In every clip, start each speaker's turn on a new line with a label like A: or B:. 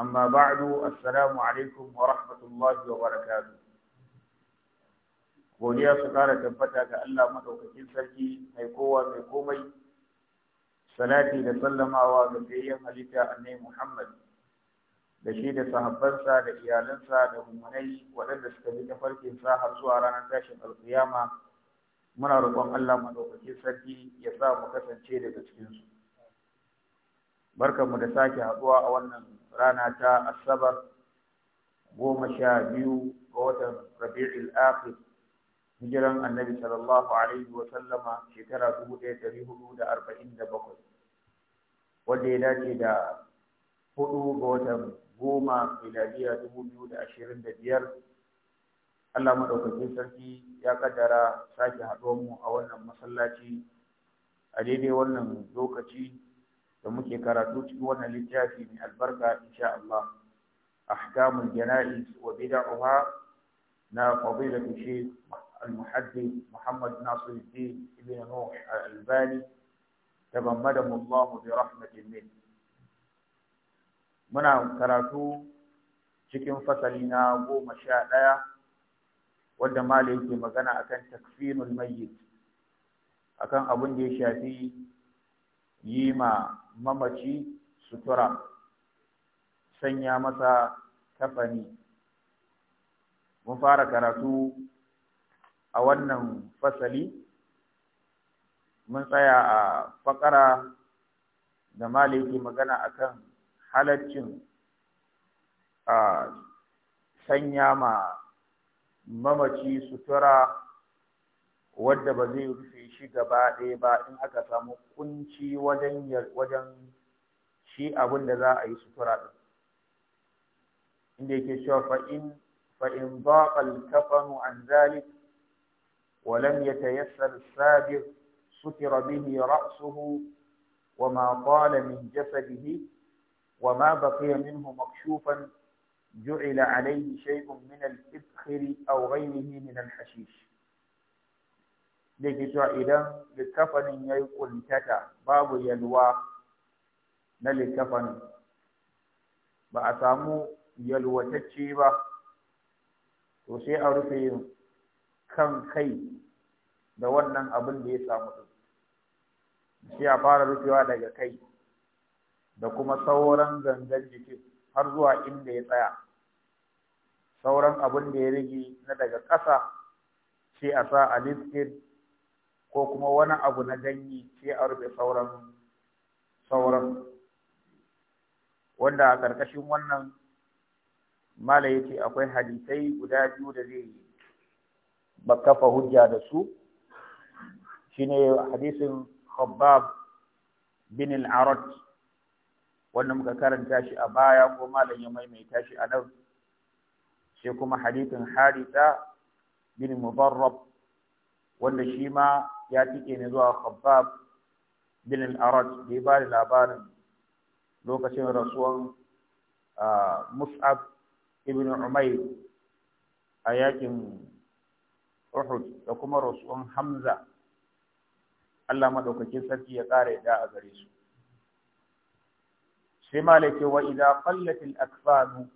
A: أما بعد السلام عليكم ورحمة الله وبركاته godiya su ƙara tabbata ga Allah maɗaukakin sarki mai kowa mai komai salati da sallamawa ga fiyayyen halitta annai Muhammad
B: da shi da sahabbansa
A: da iyalansa da mummunai waɗanda suka bi tafarkin sa har zuwa ranar tashin alƙiyama muna roƙon Allah maɗaukakin sarki ya sa mu kasance daga cikinsu barkanmu da sake haɗuwa a wannan rana ta asabar goma sha biyu ga watan rabi'ul akhir hijiran annabi sallallahu alaihi wa sallama shekara dubu ɗaya ɗari hudu da arba'in da bakwai wanda ya dace da hudu ga watan goma miladiya dubu biyu da ashirin da biyar Allah maɗaukacin sarki ya kaddara sake haɗuwar mu a wannan masallaci a daidai wannan lokaci da muke karatu cikin wannan littafi mai albarka insha Allah ahkamul jana'iz wa bid'aha na fadilatu shaykh al-muhaddith Muhammad Nasiruddin ibn Nuh al-Albani tabammadahu Allah bi rahmatin min muna karatu cikin fasali na goma sha ɗaya wanda malai yake magana akan takfinul mayyit akan abin da ya shafi yi ma mamaci sutura sanya masa kafani mun fara karatu a wannan fasali mun tsaya a fakara da maliki magana akan halaccin a sanya ma mamaci sutura wadda ba zai rufe shi gaba ɗaya ba in aka samu kunci wajen shi abin da za a yi sutura ɗin inda yake cewa fa in fa in ba al kafanu an zalik wa lam yatayassar sabir sutira bihi ra'suhu wa ma qala min jasadihi wa ma baqiya minhu makshufan ju'ila alayhi shay'un min al-ibkhiri aw ghayrihi min al Likita idan littafanin ya yi ƙuntata babu yalwa na littafanin. ba a samu yalwatacce ba to sai a rufe kan kai da wannan abin da ya samu ɗin sai a fara rufewa daga kai da kuma sauran gangan jikin har zuwa inda ya tsaya sauran abin da ya rage na daga ƙasa sai a sa a listin ko kuma wani abu na ganyi sai a rufe sauran sauran wanda a ƙarƙashin wannan mala akwai hadisai guda biyu da zai kafa hujja da su shine hadisin Khabbab bin al wanda muka karanta shi a baya ko malam ya maimaita shi a nan sai kuma hadisin harita bin Mubarrab wanda shi ma ya tike ne zuwa khabbab bin al-arad da ya bada labarin lokacin rasuwan mus'ab ibn umayr a yakin uhud da kuma rasuwan hamza Allah madaukakin sarki ya kare da a gare su sai malake wa idza qallat al-akfan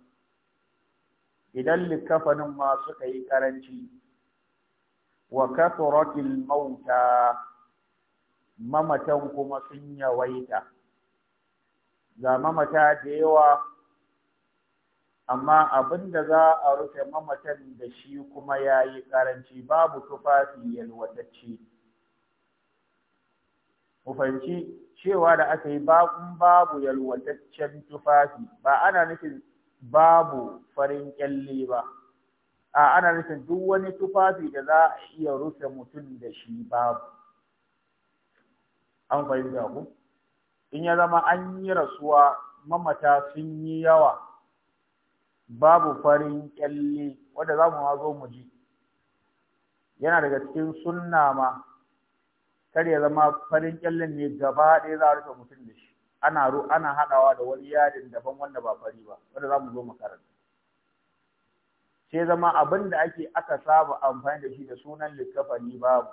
A: idan likafanin ma suka yi karanci wa kasratil mauta mamatan kuma sun yawaita ga mamata da yawa amma abin da za a rufe mamatan da shi kuma ya yi ƙaranci babu tufafi yalwatacce. mufanci cewa da aka yi baƙun babu yalwataccen tufafi ba ana nufin babu farin ƙyalle ba. a ana nufin duk wani tufafi da za a iya rufe mutum da shi babu an fahimta ku in ya zama an yi rasuwa mamata sun yi yawa babu farin kyalle wanda za mu zo mu ji yana daga cikin sunna ma kar ya zama farin kyallen ne gaba ɗaya za a rufe mutum da shi ana ana haɗawa da wani yadin daban wanda ba fari ba wanda za mu zo makaranta sai zama abin da ake aka saba amfani da shi da sunan likkafani babu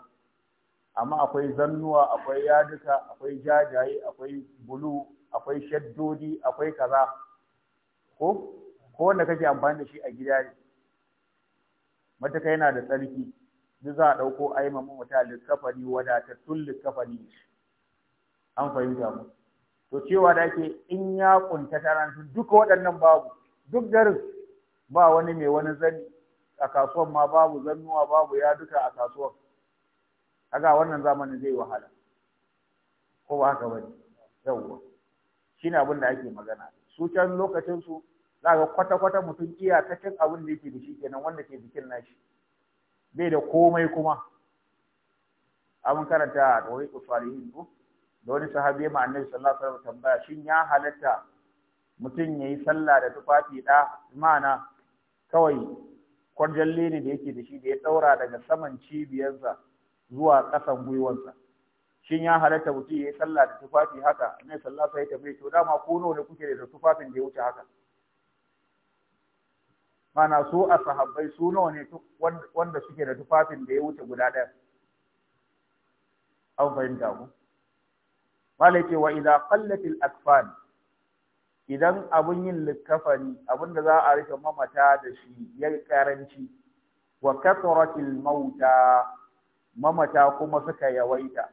A: amma akwai zannuwa akwai yaduka akwai jajaye akwai bulu akwai shaddodi akwai kaza ko ko wanda kake amfani da shi a gida ne mataka yana da tsarki duk za a ɗauko a yi mamu mutum likkafani wadatattun likkafani an fahimta mu to cewa da ake in ya kunta tarantu duka waɗannan babu duk garin ba wani mai wani zani a kasuwan ma babu zannuwa babu ya duka a kasuwan kaga wannan zamanin zai wahala ko ba haka bane yawwa shine abin da ake magana su can lokacin su zaka kwata kwata mutum cin abin da yake da shi kenan wanda ke bikin nashi bai da komai kuma abin karanta a tawai usalihin ko da wani sahabi ma annabi sallallahu alaihi wasallam tambaya shin ya halatta mutum yayi sallah da tufafi da imana? kawai kwarjalle ne da yake da shi da ya ɗaura daga saman cibiyarsa zuwa ƙasan gwiwarsa shin ya halatta mutum ya yi sallah da tufafi haka ne sallah sai ta bai to dama ko nawa ne kuke da tufafin da ya wuce haka mana su a sahabbai su nawa ne wanda suke da tufafin da ya wuce guda ɗaya an fahimta ku malai ce wa idza qallatil akfan idan abun yin likafani abun da za a rufe mamata da shi ya karanci wa kasratil mauta mamata kuma suka yawaita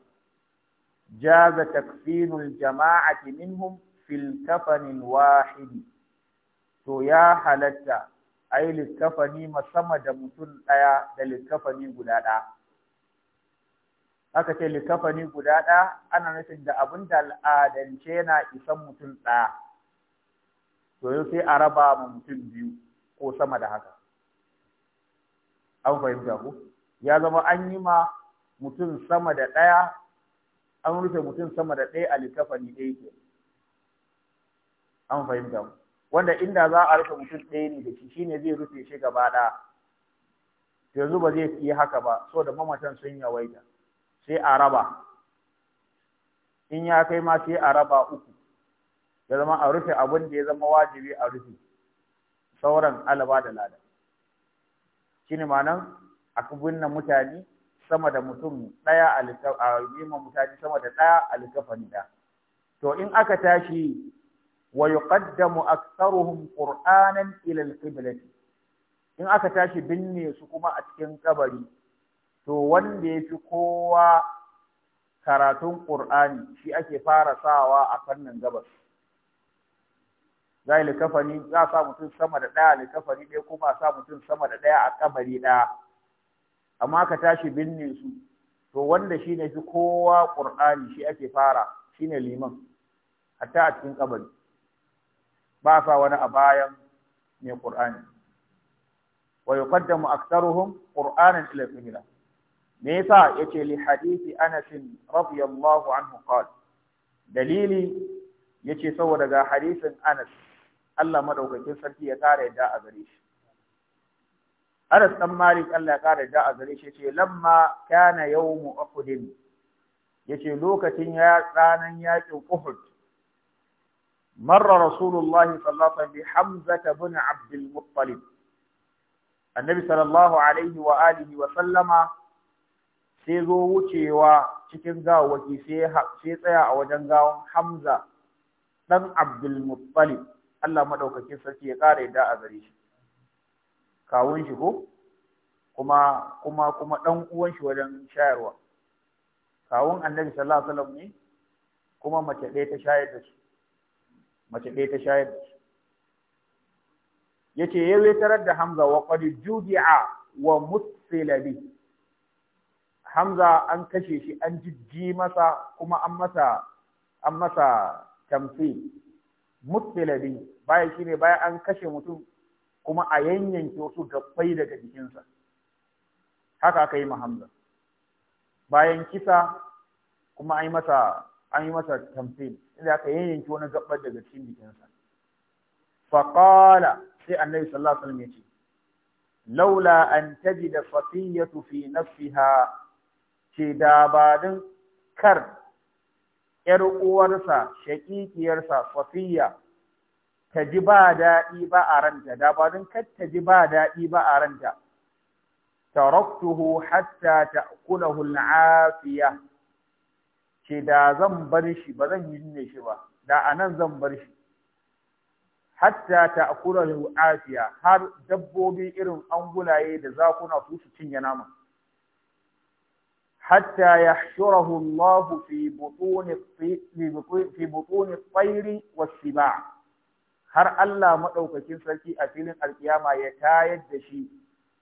A: jaza takfinul jama'ati minhum fil kafanin wahidi to ya halatta ai ma sama da mutum ɗaya da likafani guda ɗaya aka ce likafani guda ɗaya ana nufin da abin da al'adance yana isan mutum ɗaya to yau sai a raba ma mutum biyu ko sama da haka an fahimta ku ya zama an yi ma mutum sama da ɗaya an rufe mutum sama da ɗaya a likafani ɗaya ke an fahimta ku wanda inda za a rufe mutum ɗaya ne da shi shine zai rufe shi gaba ɗaya yanzu ba zai yi haka ba so da mamatan sun yawaita sai a raba in ya kai ma sai a raba uku ya zama a rufe abin da ya zama wajibi a rufe sauran alaba da lada nan, ma'anan aka binne mutane sama da mutum ɗaya a yima mutane sama da ɗaya a likafani ɗaya to in aka tashi wa yuqaddamu aktharuhum qur'anan ila in aka tashi binne su kuma a cikin ƙabari, to wanda yafi kowa karatun qur'ani shi ake fara sawa a fannin gabas za a likafani za sa mutum sama da ɗaya a likafani ɗaya kuma ba sa mutum sama da ɗaya a kabari ɗaya amma ka tashi binne su to wanda shi ne kowa ƙur'ani shi ake fara shi ne liman hatta a cikin kabari ba sa wani a bayan mai ƙur'ani wa yuqaddamu aktsaruhum qur'anan ila al me yasa yace li hadisi Anas radiyallahu anhu qala dalili yace saboda ga hadisin Anas Allah madaukakin sarki ya kare da a gare shi Anas dan Malik Allah ya kare yadda a gare shi yace lamma kana yawmu Uhud yace lokacin ya ranan yakin Uhud marra Rasulullahi sallallahu alaihi wasallam bi Hamza ibn Abdul Muttalib Annabi sallallahu alaihi wa alihi wa sallama sai zo wucewa cikin gawawaki sai sai tsaya a wajen gawan Hamza dan Abdul Muttalib Allah madaukakin sarki ya kare da a gare shi kawun shi ko kuma kuma kuma dan uwan shi wajen shayarwa kawun annabi sallallahu alaihi wasallam ne kuma mace ɗaya ta shayar da shi mace ɗaya ta shayar da shi yace ya tarar da Hamza wa qad judi'a wa musila bi Hamza an kashe shi an jijji masa kuma an masa an masa tamthil mutfilabi baya shine baya an kashe mutum kuma a yanyanke wasu gabbai daga jikinsa haka aka yi Hamza bayan kisa kuma an yi masa an yi masa tamfil inda aka yanyanke wani gabbar daga cikin jikinsa faqala sai annabi sallallahu alaihi wasallam ce laula an tajida fatiyatu fi nafsiha ce da badin kar ‘yar uwarsa, shaƙiƙiyarsa, Safiya, ta ji ba daɗi ba a ranta, da ba don kar ta ji ba daɗi ba a ranta. Taraktuhu hatta kula al'afiya. Ce da zan bar shi, ba zan yi ne shi ba, da anan zan bar shi. Hatta ta'kulahu al'afiya har dabbobi irin angulaye da zakuna su su cinye naman. hatta yahshurahu Allah fi butuni fi butuni tsairi har Allah madaukakin sarki a filin alkiyama ya tayar da shi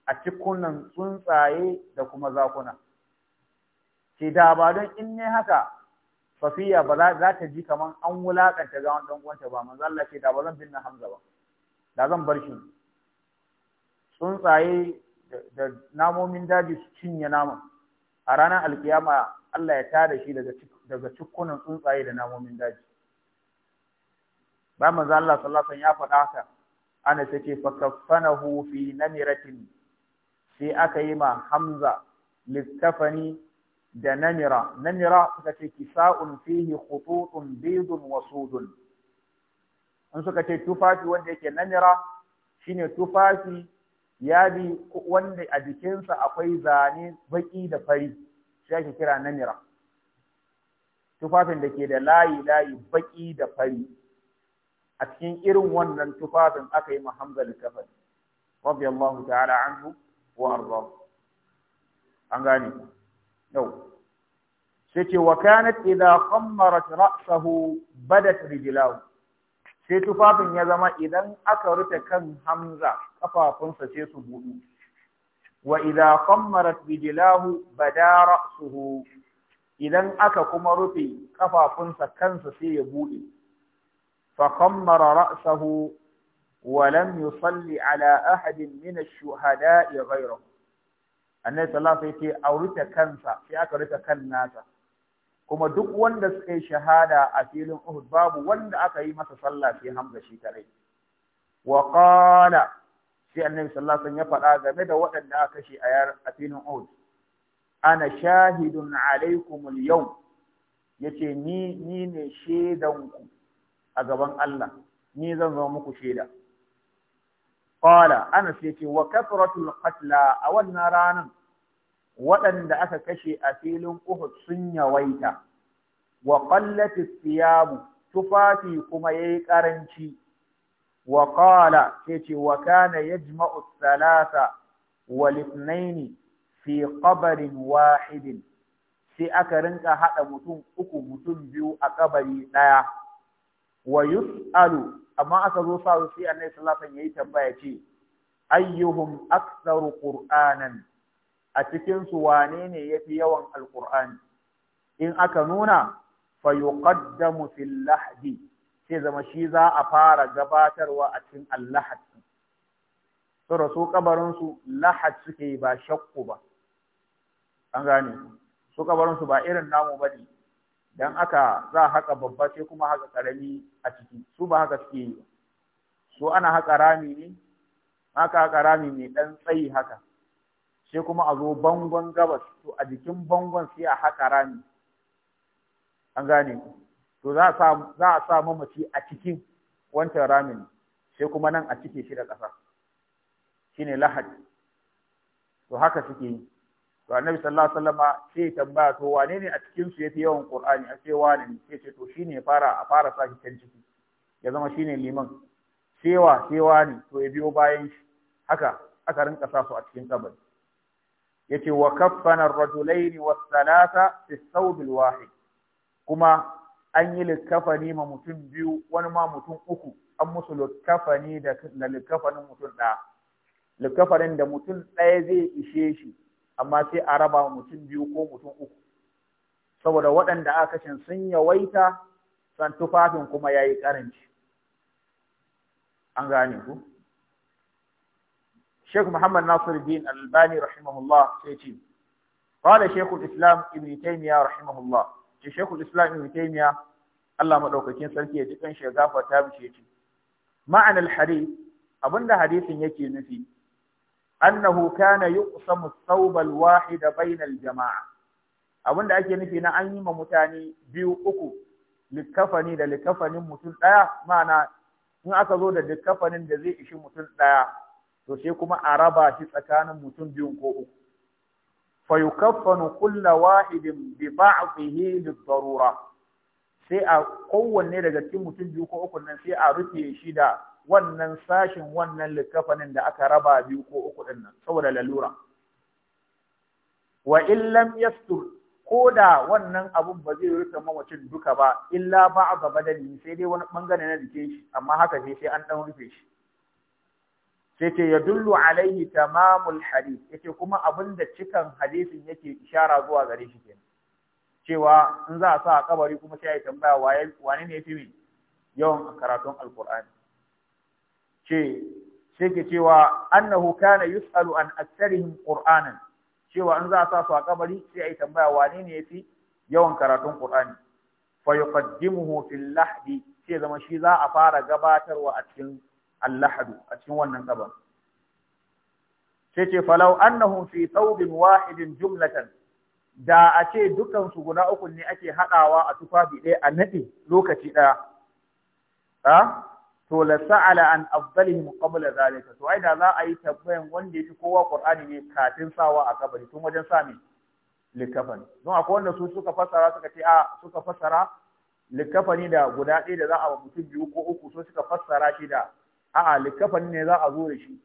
A: a cikunan tsuntsaye da kuma zakuna ce da ba don in ne haka safiya ba za ta ji kaman an wulakanta gawan dan uwanta ba manzo Allah ce da ba zan binne Hamza ba da zan bar shi tsuntsaye da namomin daji su cinye naman a ranar alkiyama Allah ya tada shi daga cikunan tsuntsaye da namomin daji ba manzo Allah sallallahu alaihi ya faɗa haka ana take fa kaffanahu fi namiratin sai aka yi ma Hamza littafani da namira namira suka ce kisa'un fihi khututun bidun wa sudun in suka ce tufafi wanda yake namira shine tufafi yadi wanda a jikinsa akwai zane baki da fari shi ake kira namira tufafin da ke da layi layi baki da fari a cikin irin wannan tufafin aka yi Hamza likafani Allah ta'ala anhu wa arda an gane yau sai ce wa kanat idza qammarat ra'sahu badat rijlahu sai tufafin ya zama idan aka rufe kan hamza kafafunsa sai su buɗu wa idza qammarat bijlahu bada ra'suhu idan aka kuma rufe kafafunsa kansa sai ya buɗe fa qammara ra'sahu wa lam yusalli ala ahadin min ash-shuhada'i ghayrahu annabi sallallahu alaihi sai a rufe kansa sai aka rufe kan nasa kuma duk wanda suka yi shahada a filin Uhud babu wanda aka yi masa sallah sai Hamza shi kadai wa qala sai Annabi sallallahu alaihi wasallam ya faɗa game da waɗanda aka shi a filin Uhud ana shahidun alaikum al-yawm yace ni ni ne shedan ku a gaban Allah ni zan zama muku shaida. qala ana sai yace wa kathratul qatla a wannan ranan waɗanda aka kashe a filin Uhud sun yawaita, wa ƙallafi siyabu tufafi kuma ya yi ƙaranci, wa ƙala ce ce wa kana ya wa fi ƙabarin wahidin, sai aka rinka haɗa mutum uku mutum biyu a ƙabari ɗaya, wa yus'alu amma aka zo sa sai annabi sallallahu alaihi wasallam yayi tambaya ce ayyuhum aktsaru qur'anan a cikinsu wane ne ya fi yawan alƙur'ani in aka nuna fayuqaddamu fil lahdi sai zama shi za a fara gabatarwa a cikin allahad su rasu kabarinsu lahad suke ba shakku ba an gane su kabarinsu ba irin namu ba ne dan aka za a haka babba sai kuma haka karami a ciki su ba haka suke yi su ana haka rami ne haka haka rami mai dan tsayi haka sai kuma a zo bangon gabas to a jikin bangon sai a haƙa rami an gane ku to za a sa mamaci a cikin wancan ramin sai kuma nan a cike shi da ƙasa shine Lahadi. to haka suke yi to annabi sallallahu alaihi wasallam sai ya tambaya to wane ne a cikin su yafi yawan qur'ani a ce wane ne sai ce to shine ya fara a fara sa shi can ciki ya zama shine liman sewa sewa ne to ya biyo bayan shi haka aka rinka sa su a cikin kabari yace wa kaffana ar-rajulayn was-salasa fi thawb al-wahid kuma an yi likafani ma mutum biyu wani ma mutum uku an musu likafani da likafanin mutum ɗaya likafarin da mutum ɗaya zai ishe shi amma sai a raba mutum biyu ko mutum uku saboda waɗanda aka kashin sun yawaita san tufafin kuma yayi karanci an gane ku Sheikh Muhammad Nasiruddin Al-Albani rahimahullah sai ce qala Sheikh al-Islam Ibn Taymiyyah rahimahullah ce Sheikh al-Islam Ibn Taymiyyah Allah madaukakin sarki ya ji kan shi gafarta bishi ce ma'anar al-hadith abinda hadisin yake nufi annahu kana yuqsamu thawb al-wahid bayna al-jama'a abinda ake nufi na an yi ma mutane biyu uku likafani da likafanin mutum daya ma'ana in aka zo da likafanin da zai ishi mutum daya to sai kuma a raba shi tsakanin mutum biyun ko uku fa yukaffanu wahidin bi ba'dihi lid-darura sai a kowanne daga cikin mutum biyu ko uku nan sai a rufe shi da wannan sashin wannan likafanin da aka raba biyu ko uku din nan saboda lalura wa in lam yastur koda wannan abun ba zai rufe mamacin duka ba illa ba a ni, sai dai wani bangare na jikin shi amma haka sai sai an dan rufe shi sai ce ya dullu alaihi tamamul hadith yace kuma abinda cikan hadisin yake ishara zuwa gare shi kenan cewa in za a sa a kabari kuma sai ai tambaya waye wane ne yafi yawan karatun alqur'ani ce sai ke cewa annahu kana yus'alu an aktharihim qur'anan cewa in za a sa su a kabari sai ai tambaya wane ne fi yawan karatun qur'ani fa yuqaddimuhu fil lahdi sai zama shi za a fara gabatarwa a cikin allahadu a cikin wannan kabar sai ce falau annahum fi thawbin wahidin jumlatan da a ce dukan su guda uku ne ake hadawa a tufafi ɗaya a nade lokaci ɗaya a to la sa'ala an afdalihim qabla zalika to ai za a yi tabbayan wanda fi kowa qur'ani ne kafin sawa a kabari tun wajen sami likafani don akwai wanda su suka fassara suka ce a suka fassara likafani da guda ɗaya da za a mutum biyu ko uku so suka fassara shi da a'a likafan ne za a zo da shi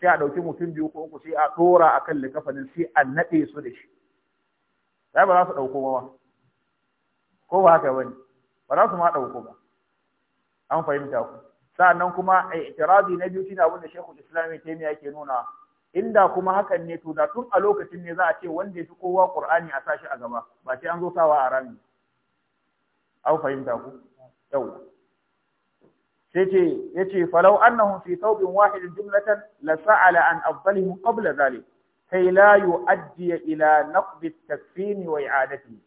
A: sai a ɗauki mutum biyu ko uku sai a ɗora a kan likafanin sai a naɗe su da shi sai ba za su ɗauko ba ko ba haka bane ba za su ma ɗauko ba an fahimta ku sa'annan kuma eh, itirazi na biyu shine abin da Sheikhul Islam Ibn yake nuna inda kuma hakan ne to da tun a lokacin ne za a ce wanda yafi kowa Qur'ani a sashi a gaba ba sai an zo sawa a rami an fahimta ku yau yace ce falau annahu fi thawbin wahidin jumlatan la sa'ala an afdalihim qabla dhalik kai la yu'addi ila naqbi takfin wa i'adati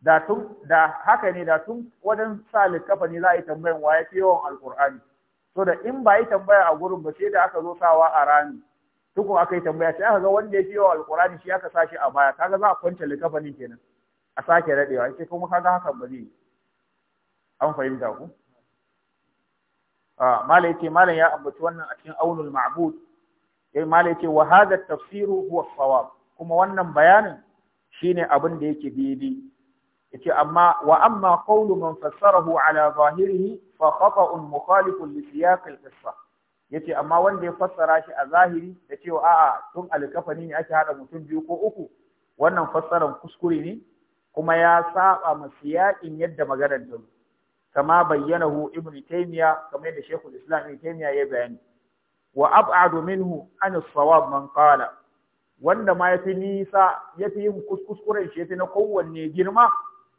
A: da tun da haka ne da tun wajen sa likafa ne za yi tambayan wa ya fi yawan alqur'ani so da in ba yi tambaya a gurin ba sai da aka zo sawa a rami tukun aka yi tambaya sai aka ga wanda ya fi yawan alqur'ani shi aka sashi a baya kaga za a kwance likafa kenan a sake radewa sai kuma kaga hakan ba zai an fahimta ku Ah, mala yace ya ambaci wannan a cikin aunul ma'bud yayi eh, mala yace wa hadha tafsiru huwa sawab kuma wannan bayanin shine abin da yake daidai yace amma wa amma qawlu man fassarahu ala zahirihi fa khata'un mukhalifun li siyaq al-qissa yace amma wanda ya fassara shi a zahiri da cewa a'a tun alkafani ne ake hada mutum biyu ko uku wannan fassarar kuskure ne kuma ya saba ma yadda maganar ta kama hu, ibn taymiya kamar yadda shaykhul islam ibn taymiya ya bayani wa ab'adu minhu an as-sawab man qala wanda ma yafi nisa yafi yin kuskuskuren shi yafi na kowanne girma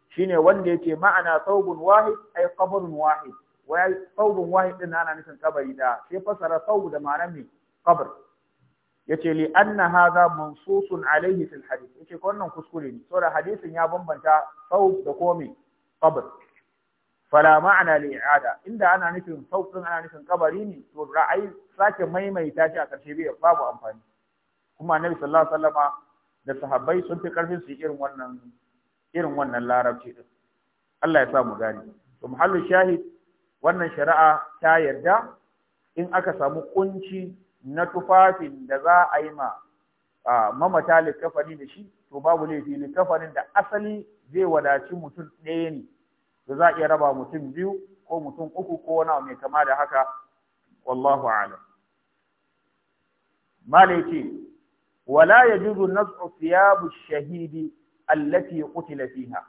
A: shine wanda yake ma'ana thawbun wahid ay qabrun wahid wa thawbun wahid din ana nufin kabari da sai fasara sau da ma'anar me qabr yace li anna hadha mansusun alayhi fil hadith yace ko wannan kuskure ne saboda hadisin ya bambanta thawb da komi qabr fala ma'ana li i'ada inda ana nufin sauƙin ana nufin kabari ne to ra'ayi sake maimaita shi a karshe bai babu amfani kuma annabi sallallahu alaihi wasallama da sahabbai sun fi karfin su irin wannan irin wannan larabci din Allah ya sa mu gani to muhallu shahid wannan shari'a ta yarda in aka samu kunci na tufafin da za a yi ma A mamata likafani da shi to babu laifi likafanin da asali zai wadaci mutum ɗaya ne da za a iya raba mutum biyu ko mutum uku ko wani mai kama da haka wallahu a'lam malai ce wala yajuzu nas'u thiyabu shahidi allati qutila fiha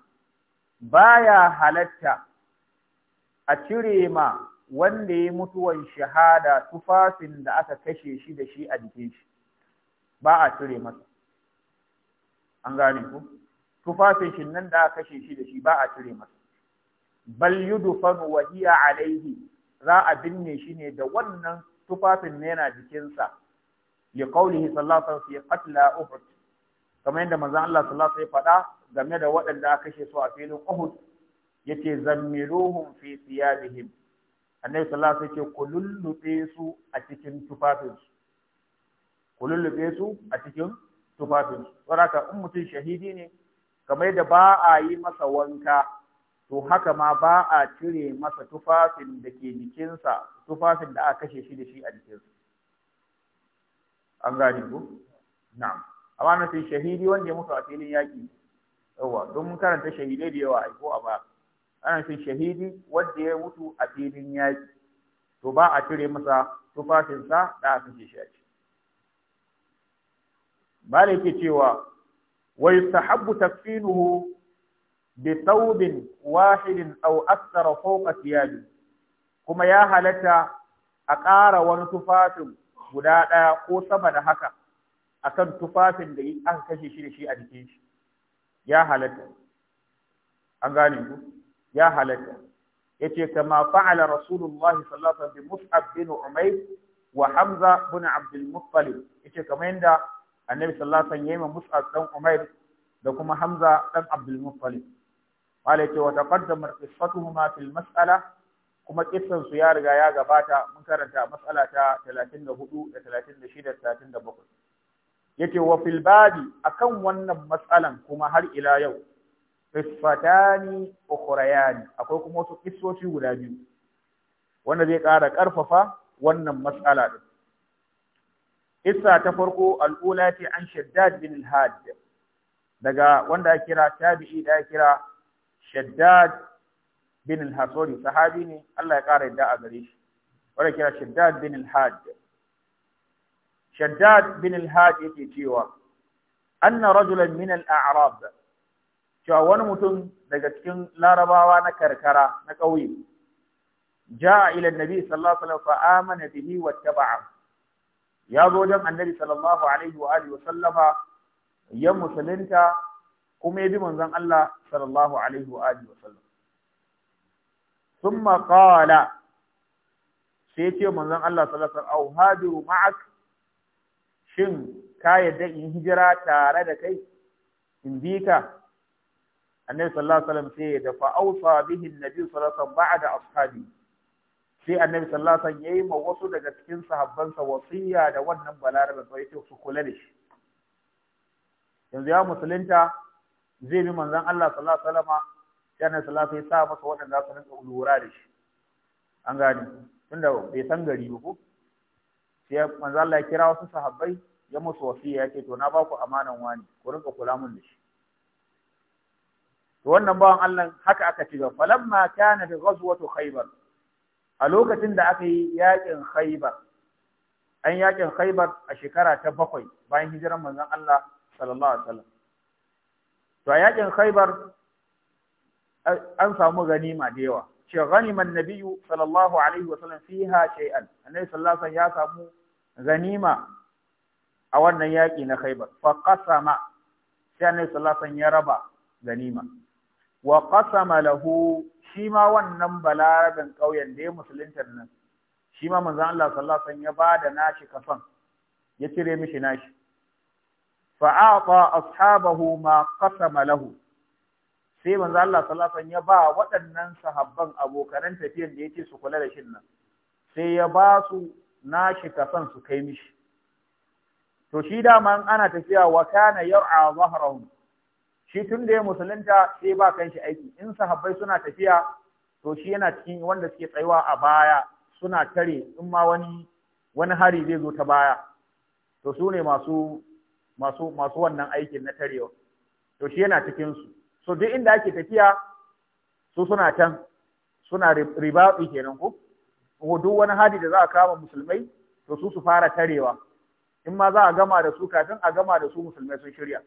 A: baya halatta a cire ma wanda ya mutuwan shahada tufafin da aka kashe shi da shi a jikin shi ba a cire masa an gane ku tufafin shi nan da aka kashe shi da shi ba a cire masa bal yudfanu wa hiya alaihi za a binne shi ne da wannan tufafin ne yana jikinsa li qawlihi sallallahu alaihi wasallam fi qatla uhud kamar yadda manzon Allah sallallahu alaihi wasallam ya faɗa game da waɗanda aka kashe su a filin uhud yace zammiruhum fi thiyabihim annabi sallallahu alaihi wasallam ku lullube su a cikin tufafinsu ku su a cikin tufafinsu saboda in mutum shahidi ne kamar da ba a yi masa wanka to haka ma ba a cire masa tufafin da ke jikinsa tufafin da aka kashe shi da shi a jikinsa an gane ku na'am amma na sai shahidi wanda ya mutu a filin yaki yawa don mun karanta shahidai da yawa aiko a ba ana sai shahidi wanda ya mutu a filin yaki to ba a cire masa tufafinsa da aka kashe shi a ciki malai ke cewa wa yustahabbu takfinuhu bi wahidin aw akthara fawqa thiyabi kuma ya halatta a ƙara wani tufafin guda ɗaya ko sama da haka akan tufafin da aka kashe shi da shi a jikin shi ya halatta an gane ku ya halatta yace kama fa'ala rasulullahi sallallahu alaihi wasallam bi mus'ab bin umayr wa hamza bin abd al-muttalib yace kamar annabi sallallahu alaihi wasallam yayi mus'ab dan umayr da kuma hamza dan abd al-muttalib malai ce wa taqaddama qissatuhuma fil mas'ala kuma kissan su ya riga ya gabata mun karanta mas'ala ta 34 da 36 da 37 Yake wa fil babi akan wannan mas'alan kuma har ila yau qisfatani ukhrayan akwai kuma wasu kissoci guda biyu wanda zai ƙara ƙarfafa wannan mas'ala din Isa ta farko al'ula ce an shaddad bin al daga wanda ya kira tabi'i da kira shaddad bin al-hasori sahabi ne Allah ya kara yadda a gare shi wanda kira shaddad bin al-hajj shaddad bin al-hajj yake cewa anna rajulan min al-a'rab cewa wani mutum daga cikin larabawa na karkara na ƙauye ja'a ila annabi sallallahu alaihi wasallam fa amana bihi wattaba'a ya zo wajen annabi sallallahu alaihi wa alihi wa sallama ya musulunta kuma ya bi manzon Allah sallallahu alaihi wa alihi wa sallam thumma qala sai ce manzon Allah sallallahu alaihi wa sallam au ma'ak shin ka yadda in hijira tare da kai in bi ka annabi sallallahu alaihi sallam sai da fa awsa bihi annabi sallallahu alaihi sallam ba'da ashabi sai annabi sallallahu alaihi sallam yayi ma wasu daga cikin sahabbansa wasiya da wannan balarabe sai ya ce su kula da shi yanzu ya musulunta zai bi manzon Allah sallallahu alaihi wasallam sai annabi sallallahu alaihi wasallam ya sa masa waɗanda za su rinka lura da shi an gane tunda bai san gari ba ko sai manzo Allah ya kira wasu sahabbai ya musu wasiya yake to na baku amanan wani ku rinka kula mun da shi to wannan bawan Allah haka aka ci gaba falamma kana bi ghazwatu khaybar a lokacin da aka yi yakin khaybar an yakin khaybar a shekara ta bakwai bayan hijiran manzon Allah sallallahu alaihi wasallam to a yakin khaibar an samu ganima da yawa ce ganiman nabiyu sallallahu alaihi wa sallam fiha shay'an annabi sallallahu alaihi ya samu ganima a wannan yaki na khaibar fa qasama sai annabi sallallahu alaihi ya raba ganima wa qasama lahu shi ma wannan balarabin ƙauyen da ya musulunta nan shi ma manzon Allah sallallahu alaihi ya bada nashi kafan ya cire mishi nashi fa'ata ashabahu ma qasama lahu sai manzo Allah sallallahu alaihi ya ba waɗannan sahabban abokan tafiyar da yake su kula da shin nan sai ya ba su nashi kasan su kai mishi to shi dama ana tafiya wa kana yar'a zahrahum shi tun da ya musulunta sai ba kanshi aiki in sahabbai suna tafiya to shi yana cikin wanda suke tsayuwa a baya suna tare in ma wani wani hari zai zo ta baya to su ne masu masu masu wannan aikin na tarewa to shi yana cikin su so duk inda ake tafiya su suna can suna ribaɗi kenan ko duk wani hadi da za a kama musulmai to su su fara tarewa in ma za a gama da su kafin a gama da su musulmai sun shirya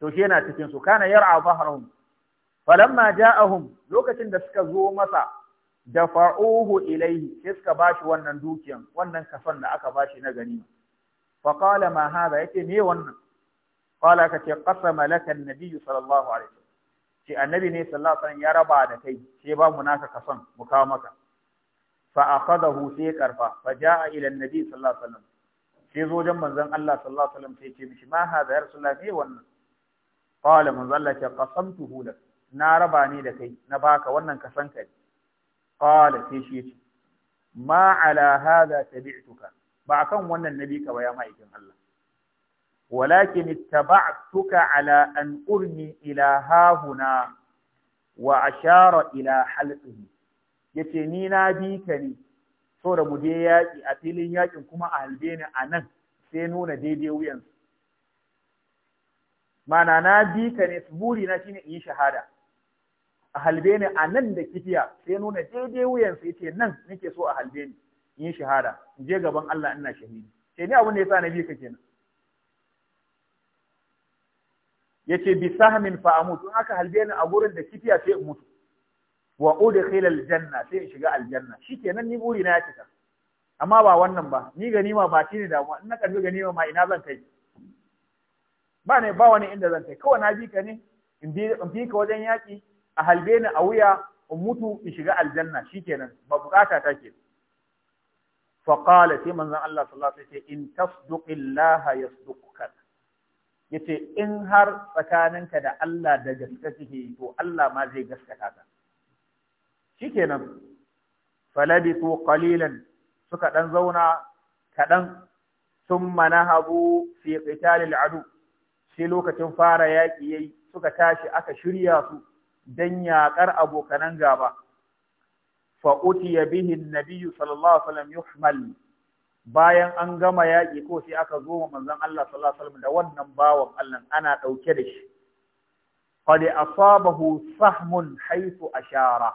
A: to shi yana cikin su kana yar'a zahrahum falamma ja'ahum lokacin da suka zo masa dafa'uhu ilaihi sai suka bashi wannan dukiyan wannan kasan da aka bashi na ganima fa qala ma hada yace me wannan qala ka ce qasama laka annabi sallallahu alaihi wasallam ce annabi ne sallallahu alaihi ya raba da kai ce ba mu naka kason mu kawo maka fa akhadahu sai karfa fa jaa ila annabi sallallahu alaihi wasallam sai zo wajen manzon Allah sallallahu alaihi wasallam sai ce mishi ma hada ya rasulullah me wannan qala manzon Allah ce qasamtuhu lak na raba ne da kai na baka wannan kasan kai qala sai shi yace ma ala hada tabi'tuka ba kan wannan nabi ka ba ma'aikin Allah walakin ittaba'tuka ala an urmi ila hahuna wa ashara ila halqihi yace ni na bi ka ne da mu je yaki a filin yakin kuma a halbe ni a nan sai nuna daidai wuyansu mana na bi ka ne buri na shine in yi shahada a halbe ni a nan da kifiya sai nuna daidai wuyan yace nan nake so a halbe ni in shahada in je gaban Allah ina shahidi sai ni abin da yasa nabi ka kenan yace bi sahmin fa amutu in aka halbe ni a gurin da kifiya sai in mutu wa udkhila janna sai in shiga aljanna shikenan ni buri na ya cika amma ba wannan ba ni ganima ba shi ne damuwa in na karbi ganima ma ina zan kai ba ne ba wani inda zan kai kawai na bi ka ne in bi ka wajen yaki a halbe ni a wuya in mutu in shiga aljanna shikenan ba bukata take ba faƙala sai manzan Allah sallallahu alaihi wasallam in tasduqillaha yasduqka yace in har tsakaninka da Allah da gaske kike to Allah ma zai gaskata ka shikenan falabitu qalilan suka dan zauna kadan thumma nahabu fi qitalil adu sai lokacin fara yaki yayi suka tashi aka shirya su dan yakar abokanan gaba fa utiya bihi annabi sallallahu alaihi wasallam yuhmal bayan an gama yaƙi ko sai aka zo wa manzon Allah sallallahu alaihi wasallam da wannan bawan Allah ana ɗauke da shi qad asabahu sahmun haythu ashara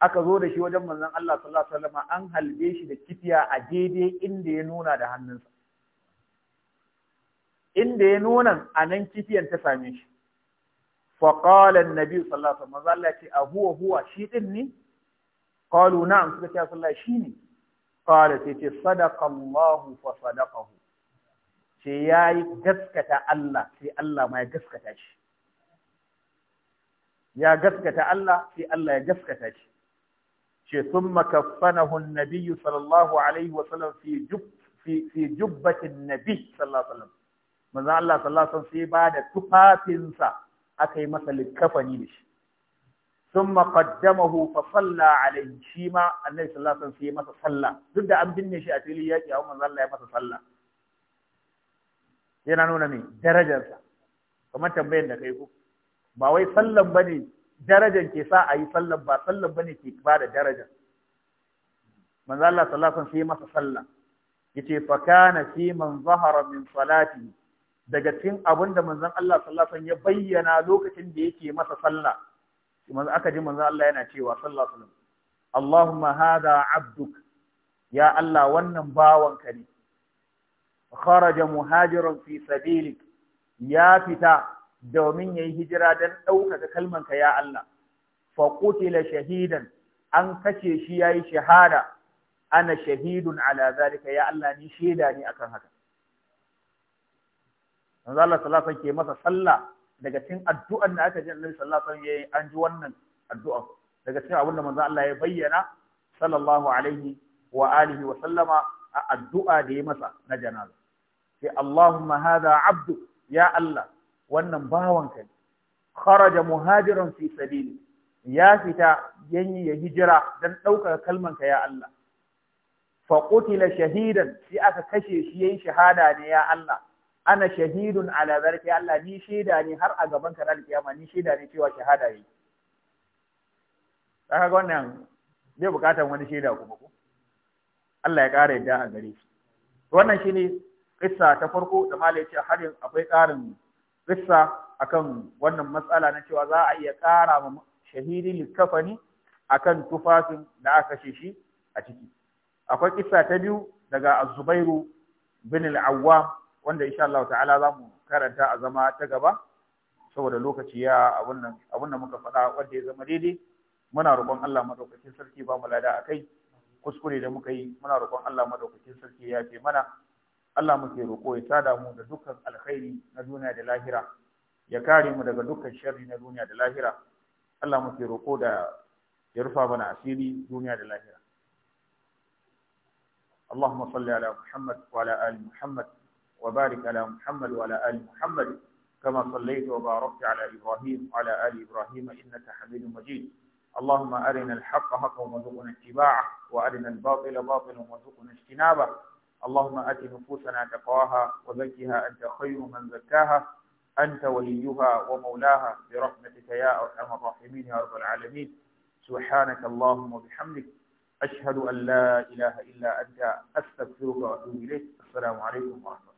A: aka zo da shi wajen manzon Allah sallallahu alaihi wasallam an halbe shi da kifiya a daidai inda ya nuna da hannunsa inda ya nuna anan kifiyan ta same shi fa qala an-nabi sallallahu alaihi wasallam manzon Allah ya ce a huwa huwa shi din ne qalu na'am suka ce sallah shine qala sai ce sadaka Allahu fa sadaqahu ce yayi gaskata Allah sai Allah ma ya gaskata shi ya gaskata Allah sai Allah ya gaskata shi ce thumma kaffanahu an sallallahu alaihi wa sallam fi jub fi fi jubbatin nabi sallallahu alaihi wa sallam Allah sallallahu alaihi wa sai ba da tufafinsa aka yi masa likafani da shi ثم قدمه فصلى عليه شيما النبي صلى الله عليه وسلم في مسا صلى ضد an binne shi a fili yaki a manzo Allah ya masa sallah yana nuna me darajarsa kamar tambayar da kai ku ba wai sallan bane darajar ke sa a yi sallan ba sallan bane ke ba da darajar manzo Allah sallallahu alaihi wasallam sai masa sallah yace fa kana fi man zahara min salati daga cikin abinda manzon Allah sallallahu alaihi wasallam ya bayyana lokacin da yake masa sallah manzo aka ji manzo Allah yana cewa sallallahu alaihi wasallam Allahumma hada abduk ya Allah wannan bawanka ne kharaja muhajiran fi sabilik ya fita domin yayi hijira dan ɗaukaka kalmanka ya Allah fa qutila shahidan an kace shi yayi shahada ana shahidun ala zalika ya Allah ni shaida ne akan haka manzo Allah sallallahu alaihi wasallam ke masa sallah daga cikin addu'an da aka ji Annabi sallallahu alaihi wasallam an ji wannan addu'a daga cikin abin da manzo Allah ya bayyana sallallahu alaihi wa alihi wa sallama a addu'a da ya masa na janaza sai Allahumma hadha abdu ya Allah wannan bawan ne kharaja muhajiran fi sabili ya fita yanyi ya hijira dan kalman kalmanka ya Allah fa qutila shahidan sai aka kashe shi yayin shahada ne ya Allah
B: ana shahidun
A: ala zarki Allah ni shaida ne har a gaban ka kiyama ni shaida ne cewa shahada yi ga wannan zai bukatar wani shaida kuma ku? Allah ya ƙara yadda a gare shi wannan shi ne kissa ta farko da malayaci ce har akwai ƙarin kissa kan wannan matsala na cewa za a iya ƙara ma shahidi likafani kan tufafin da aka kashe shi a ciki akwai kissa ta biyu daga Azubairu zubairu bin Al-Awwam wanda insha Allah ta'ala za mu karanta a zama ta gaba saboda lokaci ya abun nan muka faɗa wanda ya zama daidai muna roƙon Allah madaukakin sarki ba mu lada akai kuskure da muka yi muna roƙon Allah madaukakin sarki ya ce mana Allah muke roƙo ya sada mu da dukkan alkhairi na duniya da lahira ya kare mu daga dukkan sharri na duniya da lahira Allah muke roƙo da ya rufa mana asiri duniya da lahira اللهم صل على محمد وعلى ال محمد وبارك على محمد وعلى آل محمد كما صليت وباركت على إبراهيم وعلى آل إبراهيم إنك حميد مجيد اللهم أرنا الحق حقا وارزقنا اتباعه وأرنا الباطل باطلا وارزقنا اجتنابه اللهم آت نفوسنا تقواها وزكها أنت خير من زكاها أنت وليها ومولاها برحمتك يا أرحم الراحمين يا رب العالمين سبحانك اللهم وبحمدك أشهد أن لا إله إلا أنت أستغفرك وأتوب إليك السلام عليكم ورحمة الله